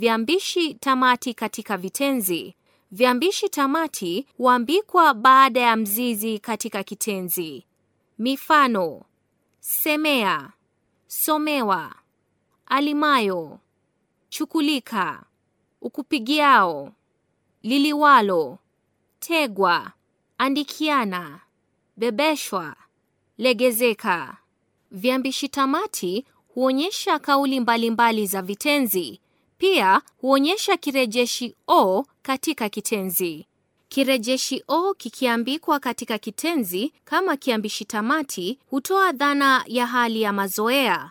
Viambishi tamati katika vitenzi. Viambishi tamati huambikwa baada ya mzizi katika kitenzi. Mifano: semea, somewa, alimayo, chukulika, ukupigiao, liliwalo, tegwa, andikiana, bebeshwa, legezeka. Viambishi tamati huonyesha kauli mbalimbali mbali za vitenzi. Pia huonyesha kirejeshi o katika kitenzi. Kirejeshi o kikiambikwa katika kitenzi kama kiambishi tamati hutoa dhana ya hali ya mazoea.